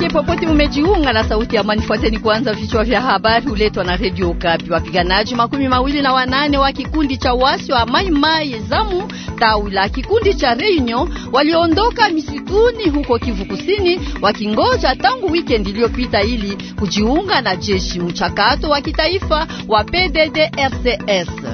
Mwanamke popote umejiunga na sauti ya amani, fuateni kwanza vichwa vya habari huletwa na redio ukapi Wapiganaji makumi mawili na wanane wa kikundi cha wasi wa Maimai zamu tawi la kikundi cha Reunion waliondoka misituni huko Kivu Kusini, wakingoja tangu wikendi iliyopita ili kujiunga na jeshi, mchakato wa kitaifa wa PDDRCS.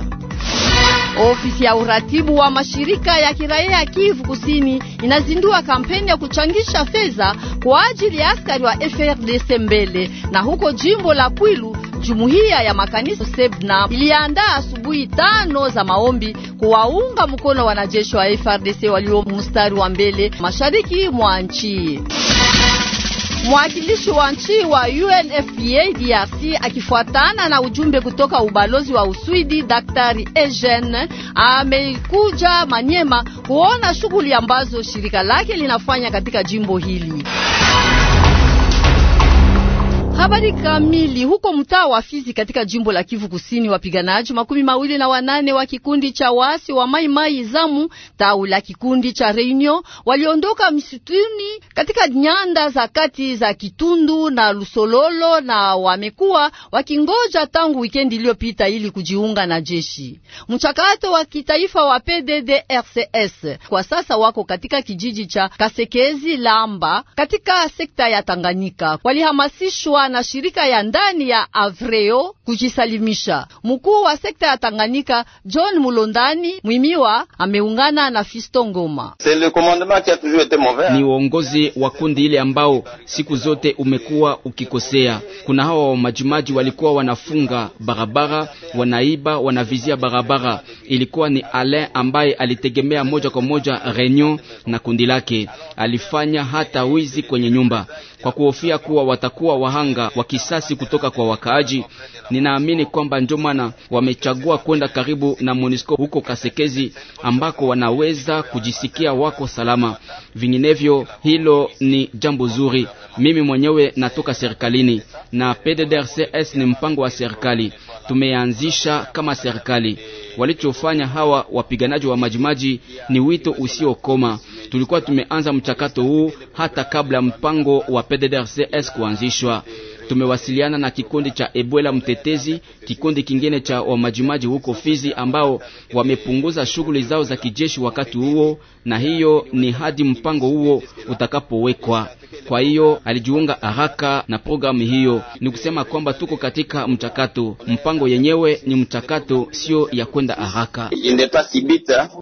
Ofisi ya uratibu wa mashirika ya kiraia ya Kivu Kusini inazindua kampeni ya kuchangisha fedha kwa ajili ya askari wa FRDC mbele. Na huko jimbo la Kwilu, jumuiya ya makanisa Sebna iliandaa asubuhi tano za maombi kuwaunga mkono wanajeshi wa FRDC walio mstari wa mbele mashariki mwa nchi. Mwakilishi wa nchi wa UNFPA DRC akifuatana na ujumbe kutoka ubalozi wa Uswidi, Daktari Eugene amekuja Manyema kuona shughuli ambazo shirika lake linafanya katika jimbo hili. Habari kamili huko mtaa wa Fizi katika jimbo la Kivu Kusini, wapiganaji makumi mawili na wanane wa kikundi cha waasi wa Maimai Zamu tau la kikundi cha reunio waliondoka msituni katika nyanda za kati za Kitundu na Lusololo na wamekuwa wakingoja tangu wikendi iliyopita ili kujiunga na jeshi. Mchakato wa kitaifa wa PDDRCS kwa sasa wako katika kijiji cha Kasekezi Lamba katika sekta ya Tanganyika. Walihamasishwa na shirika ya ndani ya Avreo kujisalimisha. Mkuu wa sekta ya Tanganyika John Mulondani Mwimiwa ameungana na Fisto Ngoma. Ni uongozi wa kundi ile ambao siku zote umekuwa ukikosea. Kuna hawa wamajimaji walikuwa wanafunga barabara, wanaiba, wanavizia barabara. Ilikuwa ni Alain ambaye alitegemea moja kwa moja Reunion na kundi lake, alifanya hata wizi kwenye nyumba kwa kuhofia kuwa watakuwa wahanga wa kisasi kutoka kwa wakaaji. Ninaamini kwamba ndio maana wamechagua kwenda karibu na MONUSCO huko Kasekezi, ambako wanaweza kujisikia wako salama. Vinginevyo hilo ni jambo zuri. Mimi mwenyewe natoka serikalini na PDDRCS ni mpango wa serikali, tumeanzisha kama serikali. Walichofanya hawa wapiganaji wa majimaji ni wito usiokoma. Tulikuwa tumeanza mchakato huu hata kabla mpango wa PDDRCS kuanzishwa. Tumewasiliana na kikundi cha Ebola Mtetezi, kikundi kingine cha wamajimaji huko Fizi ambao wamepunguza shughuli zao za kijeshi wakati huo, na hiyo ni hadi mpango huo utakapowekwa. Kwa hiyo alijiunga haraka na programu hiyo. Ni kusema kwamba tuko katika mchakato, mpango yenyewe ni mchakato, sio ya kwenda haraka.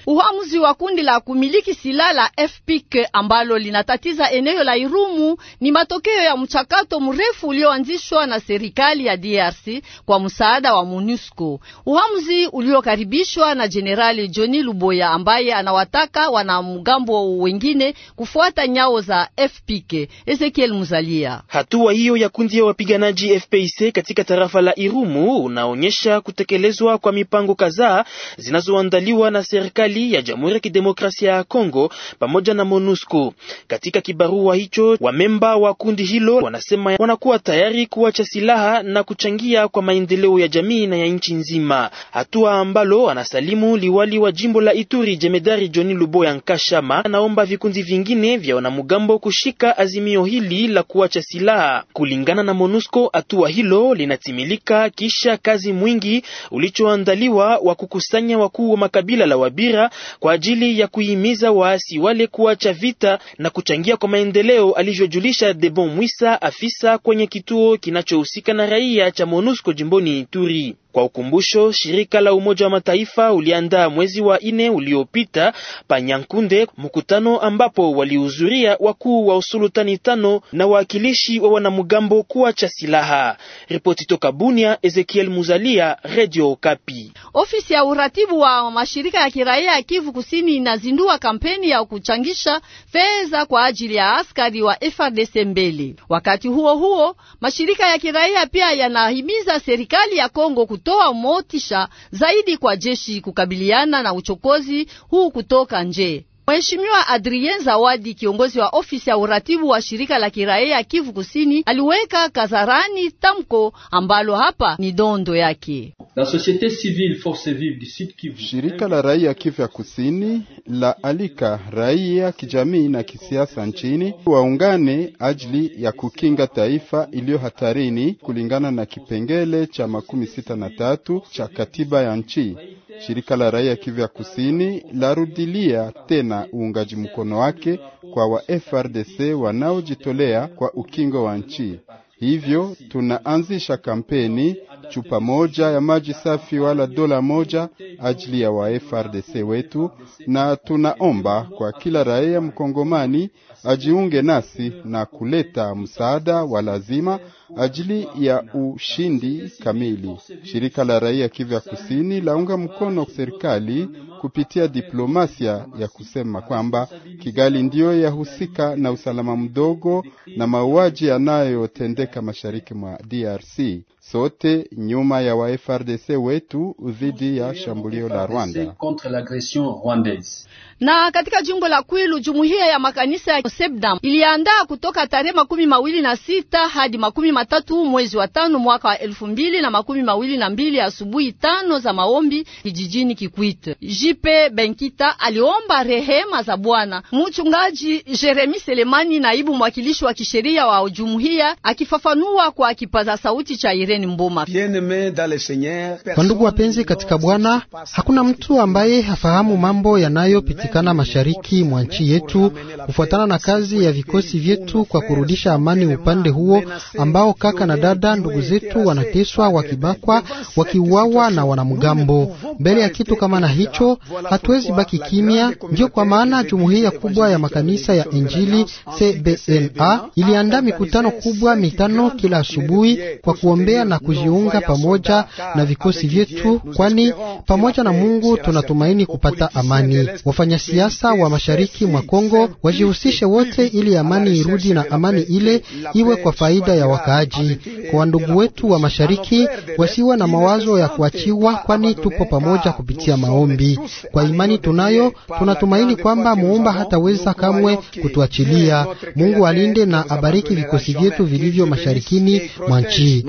Uhamuzi wa kundi la kumiliki silaha la FPK ambalo linatatiza eneo la Irumu ni matokeo ya mchakato mrefu ulio iliyoanzishwa na serikali ya DRC kwa msaada wa MONUSCO, uhamuzi uliokaribishwa na Jenerali Johnny Luboya ambaye anawataka wanamgambo wengine kufuata nyao za FPK. Ezekiel Muzalia. Hatua hiyo ya kundi ya wapiganaji FPIC katika tarafa la Irumu unaonyesha kutekelezwa kwa mipango kadhaa zinazoandaliwa na serikali ya Jamhuri ya Kidemokrasia ya Kongo pamoja na MONUSCO. Katika kibarua hicho, wamemba wa kundi hilo wanasema wanakuwa tayari tayari kuacha silaha na kuchangia kwa maendeleo ya jamii na ya nchi nzima, hatua ambalo anasalimu liwali wa jimbo la Ituri jemedari Johni Luboya Nkashama. Anaomba vikundi vingine vya wanamgambo kushika azimio hili la kuacha silaha. Kulingana na MONUSCO, hatua hilo linatimilika kisha kazi mwingi ulichoandaliwa wa kukusanya wakuu wa makabila la Wabira kwa ajili ya kuhimiza waasi wale kuacha vita na kuchangia kwa maendeleo, alivyojulisha Debon Mwisa, afisa kwenye kitu kituo kinachohusika na raia cha MONUSCO jimboni Ituri. Kwa ukumbusho, shirika la Umoja wa Mataifa uliandaa mwezi wa ine uliopita Panyankunde mkutano ambapo walihudhuria wakuu wa usulutani tano na wawakilishi wa wanamgambo kuacha silaha. Ripoti toka Bunia, Ezekiel Muzalia, Radio Okapi. Ofisi ya uratibu wa mashirika ya kiraia ya Kivu Kusini inazindua kampeni ya kuchangisha fedha kwa ajili ya askari wa frdc mbele. Wakati huo huo, mashirika ya kiraia pia yanahimiza serikali ya Kongo kutoa motisha zaidi kwa jeshi kukabiliana na uchokozi huu kutoka nje. Mheshimiwa Adrien Zawadi, kiongozi wa ofisi ya uratibu wa shirika la kiraia Kivu Kusini, aliweka kazarani tamko ambalo hapa ni dondo yake. La société civile force vive du site Kivu, shirika la raia Kivu ya Kusini la alika raia kijamii na kisiasa nchini waungane ajili ya kukinga taifa iliyo hatarini kulingana na kipengele cha makumi sita na tatu cha katiba ya nchi. Shirika la raia Kivya Kusini larudilia tena uungaji mkono wake kwa wa FRDC wanaojitolea kwa ukingo wa nchi. Hivyo tunaanzisha kampeni chupa moja ya maji safi wala dola moja ajili ya wa FRDC wetu, na tunaomba kwa kila raia mkongomani ajiunge nasi na kuleta msaada wa lazima ajili ya ushindi kamili. Shirika la raia Kivya Kusini launga mkono serikali kupitia diplomasia ya kusema kwamba Kigali ndiyo yahusika na usalama mdogo na mauaji yanayotendeka mashariki mwa DRC sote nyuma ya wa FRDC wetu dhidi ya shambulio la Rwanda. Na katika jimbo la Kwilu, jumuiya ya makanisa ya Sebdam iliandaa kutoka tarehe makumi mawili na sita hadi makumi matatu mwezi wa tano mwaka wa elfu mbili na makumi mawili na mbili asubuhi tano za maombi kijijini Kikwit. Jipe Benkita aliomba rehema za Bwana. Mchungaji Jeremi Selemani, naibu mwakilishi wa kisheria wa jumuiya, akifafanua kwa kipaza sauti cha Irene. Irene Mbuma. Kwa ndugu wapenzi katika Bwana, hakuna mtu ambaye hafahamu mambo yanayopitikana mashariki mwa nchi yetu kufuatana na kazi ya vikosi vyetu kwa kurudisha amani upande huo ambao kaka na dada ndugu zetu wanateswa, wakibakwa, wakiuawa na wanamgambo. Mbele ya kitu kama na hicho hatuwezi baki kimya. ndio kwa maana jumuiya kubwa ya makanisa ya Injili CBNA iliandaa mikutano kubwa mitano kila asubuhi kwa kuombea na kujiunga pamoja na vikosi vyetu, kwani pamoja na Mungu tunatumaini kupata amani. wafanya siasa wa mashariki mwa Kongo wajihusishe wote, ili amani irudi na amani ile iwe kwa faida ya wakaaji. Kwa wandugu wetu wa mashariki, wasiwe na mawazo ya kuachiwa, kwani tupo pamoja kupitia maombi. Kwa imani tunayo, tunatumaini kwamba muumba hataweza kamwe kutuachilia. Mungu alinde na abariki vikosi vyetu vilivyo masharikini mwa nchi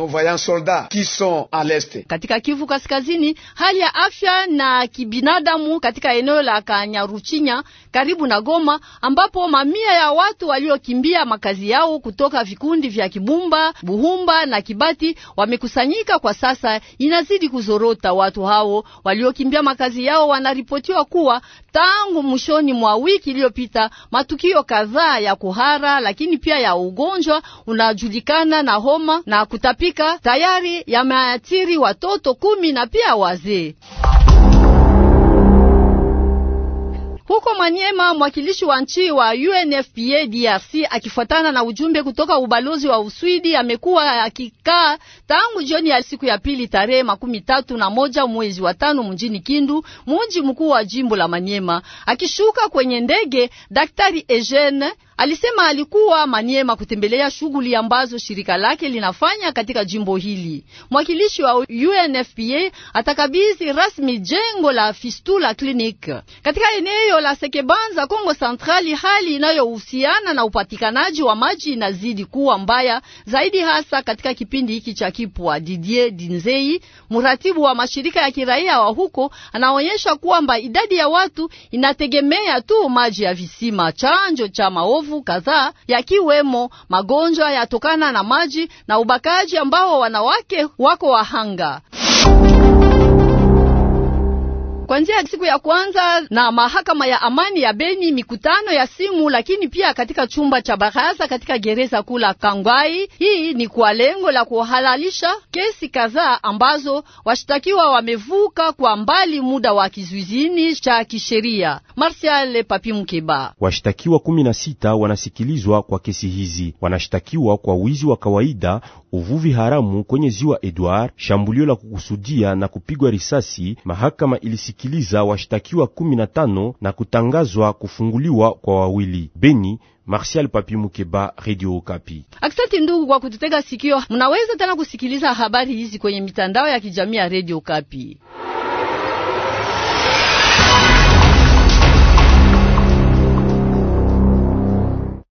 soldats qui sont à l'est. Katika Kivu Kaskazini, hali ya afya na kibinadamu katika eneo la Kanyaruchinya karibu na Goma, ambapo mamia ya watu waliokimbia makazi yao kutoka vikundi vya Kibumba, Buhumba na Kibati wamekusanyika kwa sasa, inazidi kuzorota. Watu hao waliokimbia makazi yao wanaripotiwa kuwa tangu mwishoni mwa wiki iliyopita, matukio kadhaa ya kuhara, lakini pia ya ugonjwa unajulikana na homa na kutapika tayari yameathiri watoto kumi na pia wazee. Huko Manyema, mwakilishi wa nchi wa UNFPA DRC akifuatana na ujumbe kutoka ubalozi wa Uswidi amekuwa akikaa tangu jioni ya siku ya pili tarehe makumi tatu na moja mwezi wa tano mjini Kindu, mji mkuu wa jimbo la Manyema. Akishuka kwenye ndege, Daktari Eugene Alisema alikuwa Maniema kutembelea shughuli ambazo shirika lake linafanya katika jimbo hili. Mwakilishi wa UNFPA atakabidhi rasmi jengo la Fistula Clinic katika eneo la Sekebanza, Kongo Centrali. Hali inayohusiana na upatikanaji wa maji inazidi kuwa mbaya zaidi, hasa katika kipindi hiki cha kipwa. Didier Dinzei, mratibu wa mashirika ya kiraia wa huko, anaonyesha kwamba idadi ya watu inategemea tu maji ya visima. Chanjo cha maovu maovu kadhaa yakiwemo magonjwa yatokana na maji na ubakaji ambao wanawake wako wahanga. Kuanzia siku ya kwanza na mahakama ya amani ya Beni mikutano ya simu, lakini pia katika chumba cha baraza katika gereza kula Kangwai. Hii ni kwa lengo la kuhalalisha kesi kadhaa ambazo washtakiwa wamevuka kwa mbali muda wa kizuizini cha kisheria. Martial Papi Mkeba. Washtakiwa sita wanasikilizwa kwa kesi hizi. Wanashtakiwa kwa wizi wa kawaida, uvuvi haramu kwenye ziwa Edward, shambulio la kukusudia na kupigwa risasi. Mahakama ilisi kusikiliza washtakiwa kumi na tano na kutangazwa kufunguliwa kwa wawili. Beni, Martial Papi Mukeba, Radio Okapi. Aksanti ndugu kwa kututega sikio. Mnaweza tena kusikiliza habari hizi kwenye mitandao ya kijamii ya Radio Okapi.